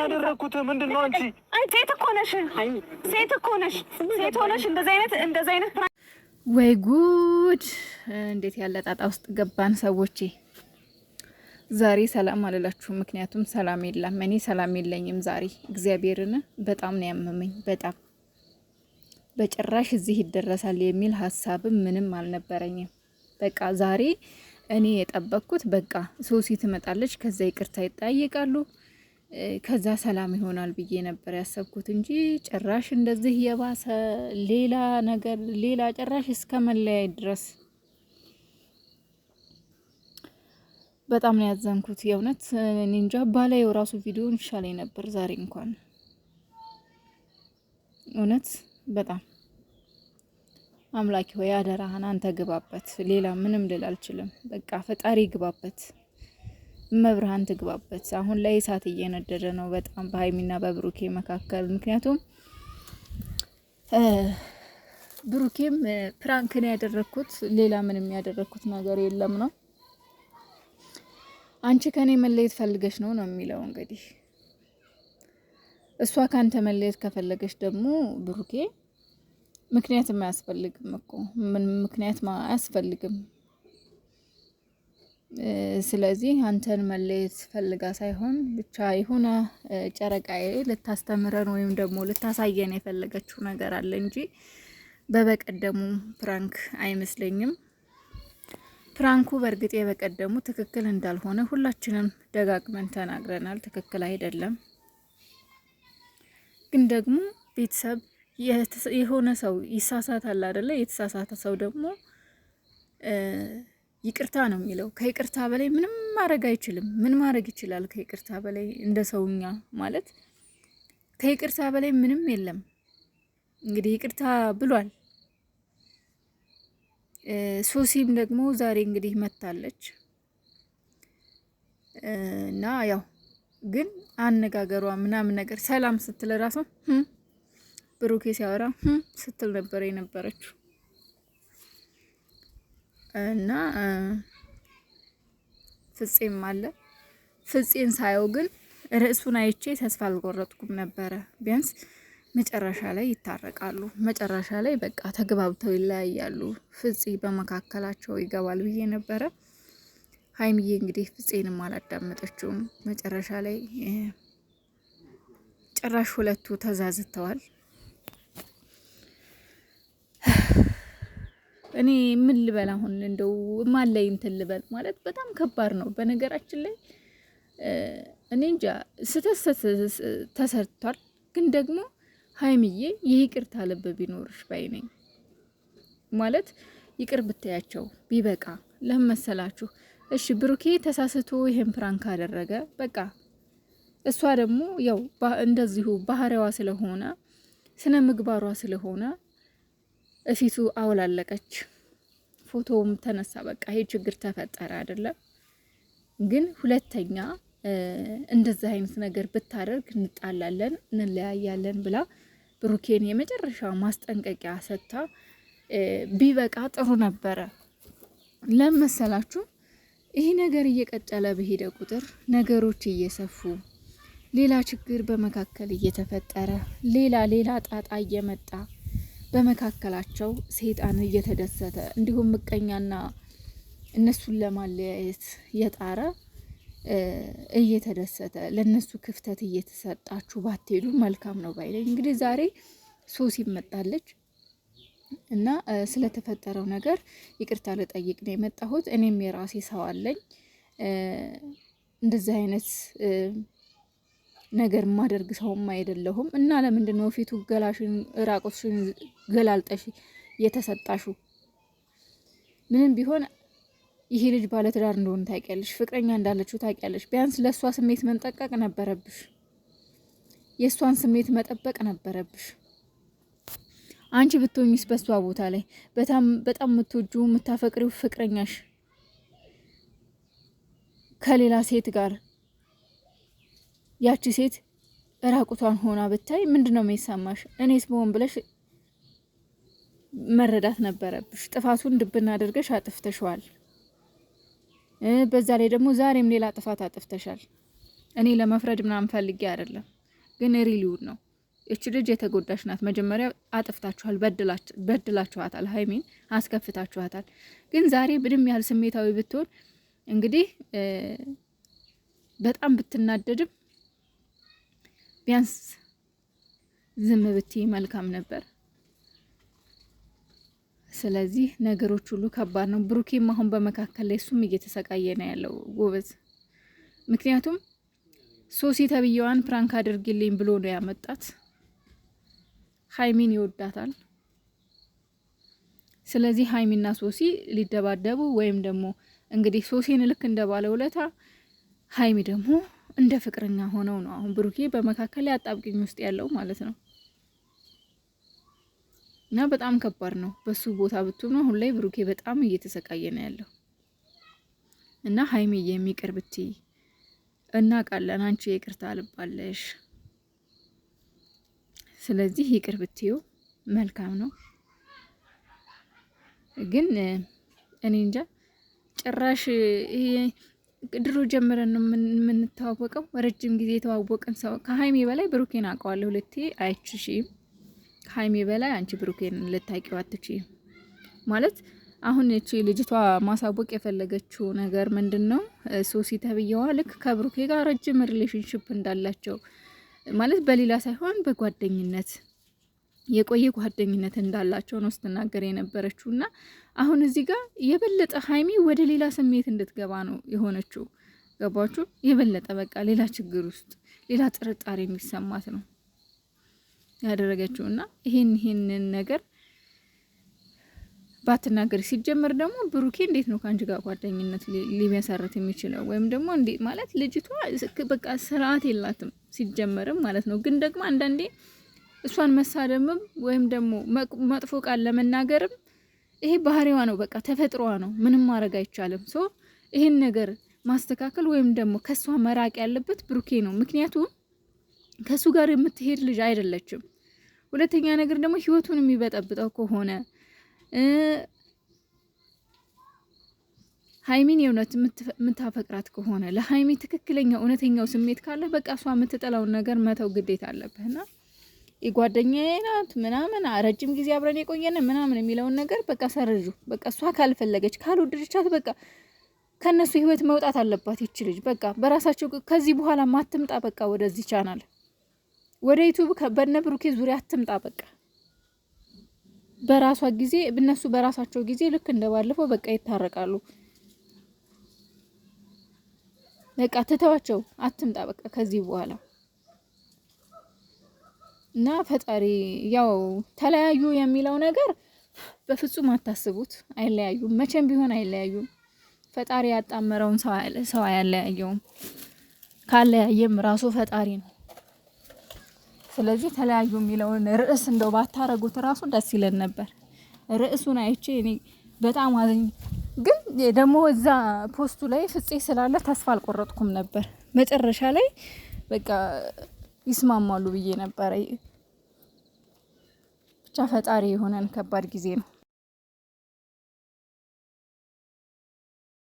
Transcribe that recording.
ያደረኩት ምንድን ነው? አንቺ ሴት እኮ ነሽ፣ ሴት እኮ ነሽ፣ ሴት ሆነሽ እንደዚህ አይነት እንደዚህ አይነት ወይ ጉድ! እንዴት ያለ ጣጣ ውስጥ ገባን ሰዎቼ። ዛሬ ሰላም አልላችሁም፣ ምክንያቱም ሰላም የለም። እኔ ሰላም የለኝም ዛሬ። እግዚአብሔርን በጣም ነው ያመመኝ። በጣም በጭራሽ እዚህ ይደረሳል የሚል ሀሳብም ምንም አልነበረኝም። በቃ ዛሬ እኔ የጠበቅኩት በቃ ሶሲ ትመጣለች፣ ከዛ ይቅርታ ይጠያየቃሉ፣ ከዛ ሰላም ይሆናል ብዬ ነበር ያሰብኩት እንጂ ጭራሽ እንደዚህ የባሰ ሌላ ነገር ሌላ ጭራሽ እስከ መለያየት ድረስ በጣም ነው ያዘንኩት። የእውነት እኔ እንጃ ባላየው ራሱ ቪዲዮን ነበር ዛሬ እንኳን እውነት በጣም አምላኪ ሆይ አደራህን አንተ ግባበት። ሌላ ምንም ልል አልችልም። በቃ ፈጣሪ ግባበት፣ መብርሃን ትግባበት። አሁን ላይ እሳት እየነደደ ነው በጣም በሀይሚና በብሩኬ መካከል። ምክንያቱም ብሩኬም ፕራንክን ያደረግኩት ሌላ ምንም ያደረግኩት ነገር የለም ነው አንቺ ከኔ መለየት ፈልገሽ ነው ነው የሚለው እንግዲህ እሷ ካንተ መለየት ከፈለገች ደግሞ ብሩኬ ምክንያትም አያስፈልግም እኮ ምን ምክንያት አያስፈልግም። ስለዚህ አንተን መለየት ፈልጋ ሳይሆን ብቻ የሆነ ጨረቃዬ ልታስተምረን ወይም ደግሞ ልታሳየን የፈለገችው ነገር አለ እንጂ በበቀደሙ ፕራንክ አይመስለኝም። ፕራንኩ በእርግጥ የበቀደሙ ትክክል እንዳልሆነ ሁላችንም ደጋግመን ተናግረናል። ትክክል አይደለም ግን ደግሞ ቤተሰብ የሆነ ሰው ይሳሳታል አይደለ? የተሳሳተ ሰው ደግሞ ይቅርታ ነው የሚለው። ከይቅርታ በላይ ምንም ማድረግ አይችልም። ምን ማድረግ ይችላል? ከይቅርታ በላይ እንደ ሰውኛ ማለት ከይቅርታ በላይ ምንም የለም። እንግዲህ ይቅርታ ብሏል። ሶሲም ደግሞ ዛሬ እንግዲህ መታለች እና ያው ግን አነጋገሯ ምናምን ነገር ሰላም ስትል ራሱ ብሩኬ ሲያወራ ስትል ነበር የነበረችው እና ፍጼም አለ። ፍፄን ሳየው ግን ርዕሱን አይቼ ተስፋ አልቆረጥኩም ነበረ። ቢያንስ መጨረሻ ላይ ይታረቃሉ፣ መጨረሻ ላይ በቃ ተግባብተው ይለያያሉ፣ ፍፄ በመካከላቸው ይገባል ብዬ ነበረ። ሀይሚዬ እንግዲህ ፍፄንም አላዳመጠችውም። መጨረሻ ላይ ጭራሽ ሁለቱ ተዛዝተዋል። እኔ ምን ልበል አሁን እንደው ማን ላይ እንትን ልበል ማለት በጣም ከባድ ነው። በነገራችን ላይ እኔ እንጃ ስተት ተሰርቷል፣ ግን ደግሞ ሀይምዬ ይህ የይቅርታ ልብ ቢኖርሽ ባይ ነኝ። ማለት ይቅር ብታያቸው ቢበቃ ለመሰላችሁ። እሺ ብሩኬ ተሳስቶ ይሄን ፕራንክ አደረገ፣ በቃ እሷ ደግሞ ያው እንደዚሁ ባህሪዋ ስለሆነ ስነ ምግባሯ ስለሆነ እፊቱ አውላለቀች። ፎቶውም ተነሳ። በቃ ይሄ ችግር ተፈጠረ አይደለም። ግን ሁለተኛ እንደዚህ አይነት ነገር ብታደርግ እንጣላለን፣ እንለያያለን ብላ ብሩኬን የመጨረሻ ማስጠንቀቂያ ሰጥታ ቢበቃ ጥሩ ነበረ። ለመሰላችሁ ይህ ነገር እየቀጠለ በሄደ ቁጥር ነገሮች እየሰፉ ሌላ ችግር በመካከል እየተፈጠረ ሌላ ሌላ ጣጣ እየመጣ በመካከላቸው ሰይጣን እየተደሰተ እንዲሁም ምቀኛና እነሱን ለማለያየት የጣረ እየተደሰተ ለእነሱ ክፍተት እየተሰጣችሁ ባትሄዱ መልካም ነው ባይለኝ። እንግዲህ ዛሬ ሶሲ ይመጣለች እና ስለተፈጠረው ነገር ይቅርታ ልጠይቅ ነው የመጣሁት። እኔም የራሴ ሰው አለኝ እንደዚህ አይነት ነገር ማደርግ ሰውም አይደለሁም እና ለምንድን ነው ፊቱ ገላሽን ራቁትሽን ገላልጠሽ የተሰጣሹ? ምንም ቢሆን ይሄ ልጅ ባለትዳር እንደሆነ ታውቂያለሽ፣ ፍቅረኛ እንዳለችው ታውቂያለሽ። ቢያንስ ለእሷ ስሜት መንጠቀቅ ነበረብሽ፣ የእሷን ስሜት መጠበቅ ነበረብሽ። አንቺ ብትሆኝስ በእሷ ቦታ ላይ በጣም በጣም የምትወጂው የምታፈቅሪው ፍቅረኛሽ ከሌላ ሴት ጋር ያቺ ሴት ራቁቷን ሆና ብታይ ምንድን ነው የሚሰማሽ? እኔስ በሆን ብለሽ መረዳት ነበረብሽ። ጥፋቱን ድብና አድርገሽ አጥፍተሸዋል። በዛ ላይ ደግሞ ዛሬም ሌላ ጥፋት አጥፍተሻል። እኔ ለመፍረድ ምናምን ፈልጌ አይደለም፣ ግን ሪሊውን ነው እች ልጅ የተጎዳሽ ናት። መጀመሪያ አጥፍታችኋል፣ በድላችኋታል፣ ሀይሚን አስከፍታችኋታል። ግን ዛሬ ምንም ያህል ስሜታዊ ብትሆን እንግዲህ በጣም ብትናደድም ቢያንስ ዝም ብትይ መልካም ነበር። ስለዚህ ነገሮች ሁሉ ከባድ ነው። ብሩኬም አሁን በመካከል ላይ እሱም እየተሰቃየ ነው ያለው ጎበዝ። ምክንያቱም ሶሲ ተብዬዋን ፕራንክ አድርግልኝ ብሎ ነው ያመጣት። ሀይሚን ይወዳታል። ስለዚህ ሀይሚና ሶሲ ሊደባደቡ ወይም ደግሞ እንግዲህ ሶሲን ልክ እንደባለ ውለታ ሀይሚ ደግሞ እንደ ፍቅረኛ ሆነው ነው አሁን ብሩኬ በመካከል ላይ አጣብቅኝ ውስጥ ያለው ማለት ነው። እና በጣም ከባድ ነው። በሱ ቦታ ብትሆኑ አሁን ላይ ብሩኬ በጣም እየተሰቃየ ነው ያለው። እና ሀይሚዬ የሚቅር ብትይ እናውቃለን፣ አንቺ ይቅርታ አልባለሽ። ስለዚህ ይቅር ብትዩ መልካም ነው። ግን እኔ እንጃ ጭራሽ ይሄ ድሮ ጀምረን ነው የምንተዋወቀው። ረጅም ጊዜ የተዋወቅን ሰው ከሀይሜ በላይ ብሩኬን አውቀዋለሁ። ሁለቴ አይችሽም። ከሀይሜ በላይ አንቺ ብሩኬን ልታቂው አትችይም። ማለት አሁን እቺ ልጅቷ ማሳወቅ የፈለገችው ነገር ምንድን ነው? ሶሲ ተብዬዋ ልክ ከብሩኬ ጋር ረጅም ሪሌሽንሽፕ እንዳላቸው ማለት በሌላ ሳይሆን በጓደኝነት የቆየ ጓደኝነት እንዳላቸው ነው ስትናገር የነበረችው እና አሁን እዚህ ጋር የበለጠ ሀይሚ ወደ ሌላ ስሜት እንድትገባ ነው የሆነችው። ገባችሁ? የበለጠ በቃ ሌላ ችግር ውስጥ ሌላ ጥርጣሬ የሚሰማት ነው ያደረገችው እና ይሄን ይሄንን ነገር ባትናገር ሲጀመር ደግሞ ብሩኬ እንዴት ነው ከአንቺ ጋር ጓደኝነት ሊመሰረት የሚችለው? ወይም ደግሞ እንዴት ማለት ልጅቷ በቃ ስርዓት የላትም ሲጀመርም ማለት ነው። ግን ደግሞ አንዳንዴ እሷን መሳደምም ወይም ደግሞ መጥፎ ቃል ለመናገርም ይሄ ባህሪዋ ነው፣ በቃ ተፈጥሮዋ ነው። ምንም ማድረግ አይቻልም። ሶ ይህን ነገር ማስተካከል ወይም ደግሞ ከእሷ መራቅ ያለበት ብሩኬ ነው። ምክንያቱም ከእሱ ጋር የምትሄድ ልጅ አይደለችም። ሁለተኛ ነገር ደግሞ ህይወቱን የሚበጠብጠው ከሆነ ሀይሚን የእውነት የምታፈቅራት ከሆነ ለሀይሚ ትክክለኛ እውነተኛው ስሜት ካለ በቃ እሷ የምትጠላውን ነገር መተው ግዴታ አለብህና የጓደኛዬ ናት ምናምን ረጅም ጊዜ አብረን የቆየነ ምናምን የሚለውን ነገር በቃ ሰርዙ። በቃ እሷ ካልፈለገች ካልወደደቻት በቃ ከእነሱ ህይወት መውጣት አለባት ይች ልጅ። በቃ በራሳቸው ከዚህ በኋላ ማትምጣ በቃ ወደዚህ ቻናል ወደ ዩቱብ በነ ብሩኬ ዙሪያ አትምጣ በቃ በራሷ ጊዜ እነሱ በራሳቸው ጊዜ ልክ እንደባለፈው በቃ ይታረቃሉ። በቃ ትተዋቸው፣ አትምጣ በቃ ከዚህ በኋላ እና ፈጣሪ ያው ተለያዩ የሚለው ነገር በፍጹም አታስቡት። አይለያዩም፣ መቼም ቢሆን አይለያዩም። ፈጣሪ ያጣመረውን ሰው አያለያየውም። ካለያየም ራሱ ፈጣሪ ነው። ስለዚህ ተለያዩ የሚለውን ርዕስ እንደው ባታረጉት ራሱ ደስ ይለን ነበር። ርዕሱን አይቼ እኔ በጣም አዘኝ። ግን ደግሞ እዛ ፖስቱ ላይ ፍፄ ስላለ ተስፋ አልቆረጥኩም ነበር። መጨረሻ ላይ በቃ ይስማማሉ ብዬ ነበረ። ብቻ ፈጣሪ የሆነን ከባድ ጊዜ ነው።